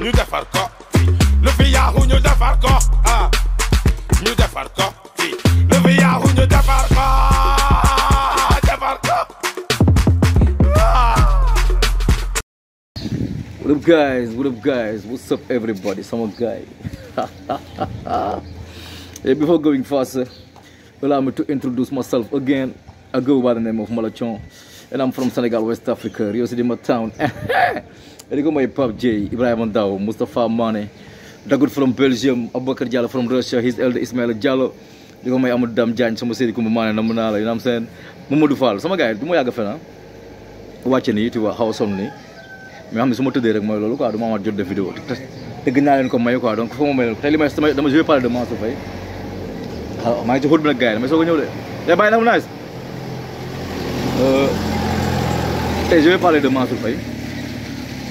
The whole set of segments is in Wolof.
ñu defar ko lu fi yaaxu ñu defar ko ah ñu defar ko lu fi yaaxu ñu defar ko defar ko ah. What up guys what up guys what's up everybody Some guy before going faster allow me to introduce myself again I go by the name of Malachon and I'm from Senegal West Africa Rio City my town Ini gue my Pop J, Ibrahim Ndao, Mustafa Mane, Dagoud from Belgium, Abu Jallo from Russia, his elder Ismail Jallo. Digo may Amadou Dam Diagne sama série Koumba Mané namm naa you know what I'm saying Mamadou Fall sama guys. yi ah. ah, mau ya yàgg fena wàcce nii eh, tu vois xaw a sonn semua mais xam ne su ma tëddee rek mooy loolu quoi du ma amaat jot de vidéo te gën naa leen ko may quoi donc foo ma may leen ko tey li may sama dama je vais parler de Mansour Faye waaw maa ngi ci xóot bi nag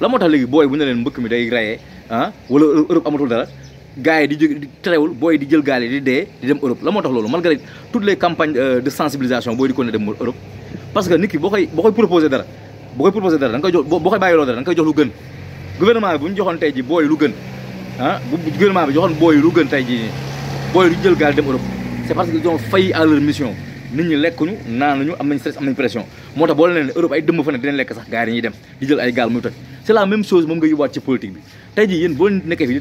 la motax tax boy bu ne leen mbëkk mi day rayé han ah, wala Europe amatul dara gaay di jóg di terewul booy di jël gaal yi di dé di dem Europe la motax lolu malgré toutes les campagnes euh, de sensibilisation boy di ko dem Europe parce que niki bokay bokay proposer dara bokay proposer dara da nga koy jox bokay bayilo dara da nga koy jox lu gën gouvernement bi bu ñu joxoon tey ji booy lu gën han ah, gouvernement bi joxon boy lu gën tey ji booy du jël gaal dem Europe c'est parce qu'ils ont failli à leur mission nit ñi lekkuñu naanuñu am nañ stress am nañ pression moo tax boo leen Europe ay dëmm fa ne dinañ lekk sax yi ñuy dem di jël ay gaal muy toj c'est la même chose moom nga yóbbuwaat ci politique bi tey jii boo nekkee fi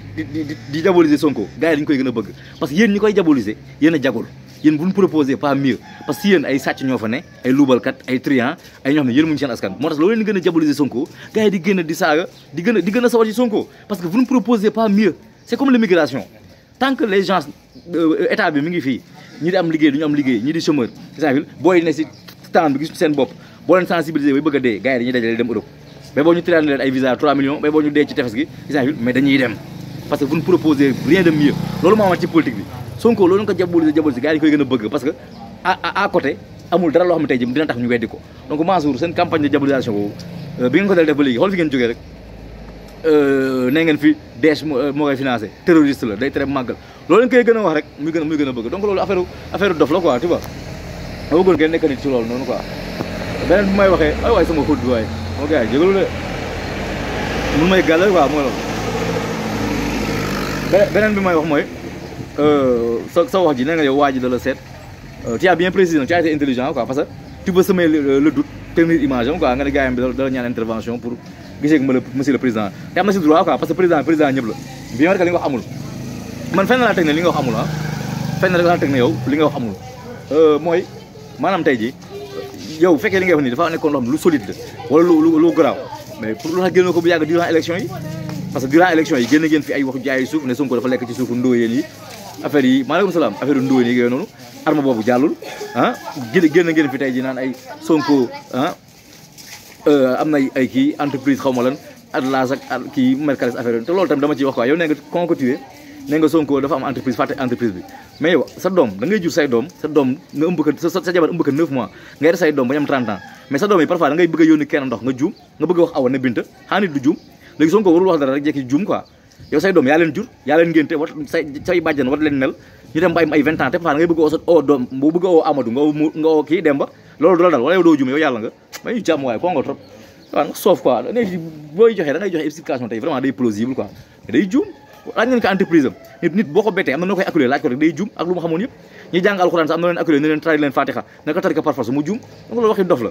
di di Sonko gars yi koy gën a bëgg parce que yéen ñi koy diaboliser yéen a jagul yéen bu ñu proposé que yéen ay sàcc ñoo fa ne ay luubalkat ay trian ay ñoo xam ne yéen muñu seen askan moo tax loolu leen gën a diaboliser Sonko gars di gën a di saaga di gën a di Sonko parce que vous ne proposez pas mieux c'est comme l'immigration tant que les gens euh, état bi mi ngi fii ñi di am liggéey du ñu am liggéey ñi di chômeur exemple booy ne si temps boo leen mais boo ñu tiraale leen ay visa 3 millions mais boo ñu dee ci tefes gi isangil mais dañuy parce que vous ne rien de mieux loolu moo amat ci politique bi Sonko loolu nga ko jaboli jaboli yi koy ko donc euh, ngeen def ba léegi xool fi ngeen jógee rek euh, ne ngeen fi dees euh, moo koy financé terroriste la day tere màggal loolu leen koy gën a wax rek muy gën a muy gën a bëgg donc loolu affaire dof la quoi tu vois ma bëggoon ngeen nekk nit ci loolu noonu quoi beneen bu may waxee ay waay sama xut waay sama gars yi jégalu de mun may gàllal waaw mooy loolu beneen bi may wax mooy sa sa wax ji nee nga yow waa ji da la seet tu as bien précisé nag tu as été intelligent quoi parce que tu peux semer le doute tenir image am quoi nga ne gars yi da la ñaan intervention pour gisee ak monsieur le président te am na si droit quoi parce que président président ñëpp la bien vrai que li nga wax amul man fenn laa teg ne li nga wax amul ah fenn rek laa teg ne yow li nga wax amul mooy maanaam tey jii yow bu fekkee li ngay wax nii dafa nekkoon lu solide la wala lu lu garaaw mais pour lu tax génn ko bu yàgg durant élection yi parce que durant élection yi génn fi ay waxu jaay suuf ne Sonko dafa lekk ci suufu ndóoyeen yi affaire yi maaleykum salaam affaire yu yi yooyu noonu arme boobu jàllul ah génn génn ngeen fi tey ji naan ay Sonko ah euh, am na ay kii entreprise xaw ma lan Atlas ak kii Mercalès affaire yooyu te loolu tamit dama ciy wax quoi yow nee nga kon ko tué nee nga Sonko dafa am entreprise fàtte entreprise bi mais yow sa doom da jur say doom sa doom nga ëmb ko mois ngay def say doom ba ñu am mais sa doom yi parfois da ngay bëgg a kenn ndox nga juum nga bëgg a wax awa ne binta xaa nit du juum say doom wat leen nel ñu dem ba ay 20 ans te parfois da ngay bëgg oo sa oo doom bu bëgg oo Amadou nga oo kii dem loolu du dal wala yow doo juum yow yàlla nga may ñu waaye koo nga trop waaw nga laaj ngeen ko entreprise am nit nit boo ko bettee am na noo koy acculé laaj ko rek day jum ak lu mu xamoon yëpp ñi jàng alxuraan sax am na leen acculé ne leen tari leen fatiha ne ko tari ko mu jum donc loolu waxi dof la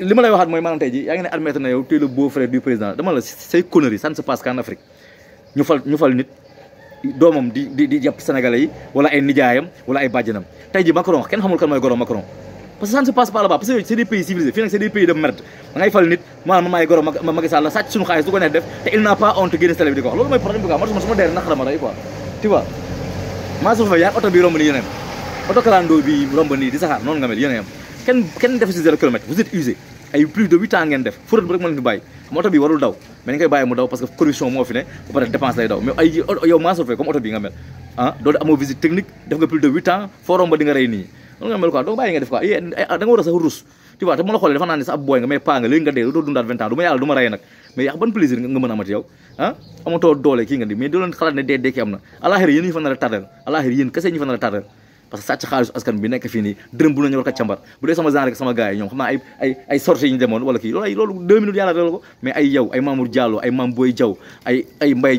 li ma lay waxaat mooy maanaam tey ji yaa ngi ne na yow tu es beau frère du président dama la say conneries ça ne se passe qu'en Afrique ñu fal ñu fal nit doomam di di di jàpp sénégalais yi wala ay nijaayam wala ay bàjjanam tey ji Macron kenn xamul kan goro Macron parce que ça ne se passe pas là-bas parce que c'est des pays civilisés fii nag c'est des pays de merde da ngay fal nit maanaam maay goro ma Macky Sall la sàcc suñu xaalis du ko neex def te il n'a pas honte génn télé bi di ko wax loolu mooy problème bi quoi man su ma su ma deer naqara ma lay quoi tu vois maa suuf yaa oto bi romb nii yeneen oto kalandoo bi romb nii di saxaar noonu nga mel yeneen kenn kenn def si zéro kilomètre vous êtes usé ay plus de huit ans ngeen def furat bi rek mën leen fi bàyyi xam oto bi warul daw mais ni koy bàyyi mu daw parce que corruption moo fi ne ba pare dépense lay daw mais ay yow maa suuf comme oto bi nga mel ah doolu amoo visite technique def nga plus de huit ans foo romb di nga rey nii noonu nga mel quoi donc bàyyi nga def quoi eh, eh, ah, da nga war a sax rus tu vois te ma la xoolee dafa naan ne sa booy nga mais pas nga léegi nga dee ah? dee ki am na àlaxira yéen ñu fa nar a tardel àlaxira yéen kese ñu fa nar a parce que sàcc xaalisu bi nekk fii nii dërëm bu nañu war rek loolu ay ay yow ay Mamour Diallo ay Mame Boye Diaw ay ay Mbaye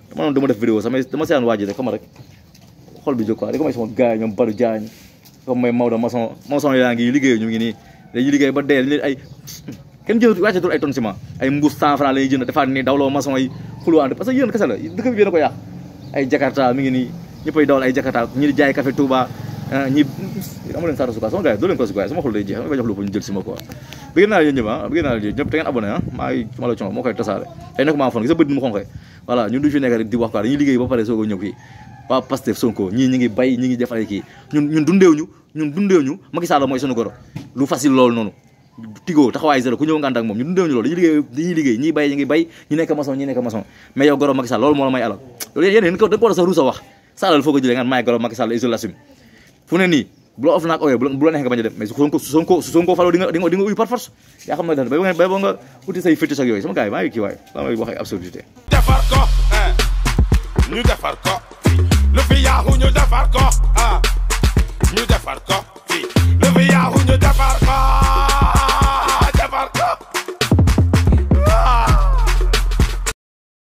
dama noonu dama def vidéo sax mais dama seetaan waa ji rek xam nga rek xol bi jóg quoi di ko may sama gars yi ñoom Badou Diagne comme may Maodo maçon maçon yaa ngi liggéey ñu ngi nii dañuy liggéey ba dee leen ay kenn jëndatu wàcceetul ay tonne ciment ay mbuus cent franc la ñuy jënd defaat nii dawloo maçon yi xuluwaante parce que yéen kese la dëkk bi yéen a ko yàq ay jakarta mi ngi nii ñëppay dawal ay jakarta ñi di jaay café Touba ah, ñi amu leen saara sukaa sama gars yi doo leen ko sukaa sama xol day jeex nga jox lu ñu jël si ma quoi bëgg naa la yéen ñëpp ah bëgg naa la yéen ñëpp te ngeen abonné ah maa ngi ma la coono moo koy tasaare tey nag maa fon gis sa bët ni mu xonqee voilà ñun du fi nekk rek di wax quoi dañuy liggéey ba pare soog a ñëw fii waa Pastef Sonko ñii ñi ngi bay ñi ngi def ñun ñun ñu ñun dundeewuñu Macky Sall mooy sunu goro lu facile loolu noonu tigoo taxawaay zéro ku ñëw nga ànd ak moom ñun dundeewuñu loolu dañuy liggéey dañuy bay ñi bay ñi nekk ñi nekk maçon mais goro Macky loolu moo la may alal loolu yéen da nga ko war a wax Sall foo ko jëlee nga may goro Macky Sall isolation fu ne Oh bu la la neex nga bañ a dem mais su Sonko su Sonko su Sonko faloo di nga di nga uti say fétiche ak yooyu sama gars yi maa ngi kii waay maa ngi wax ay absurdité defar ko eh. ñu lu fi yaaxu ñu defar ko ah. ñu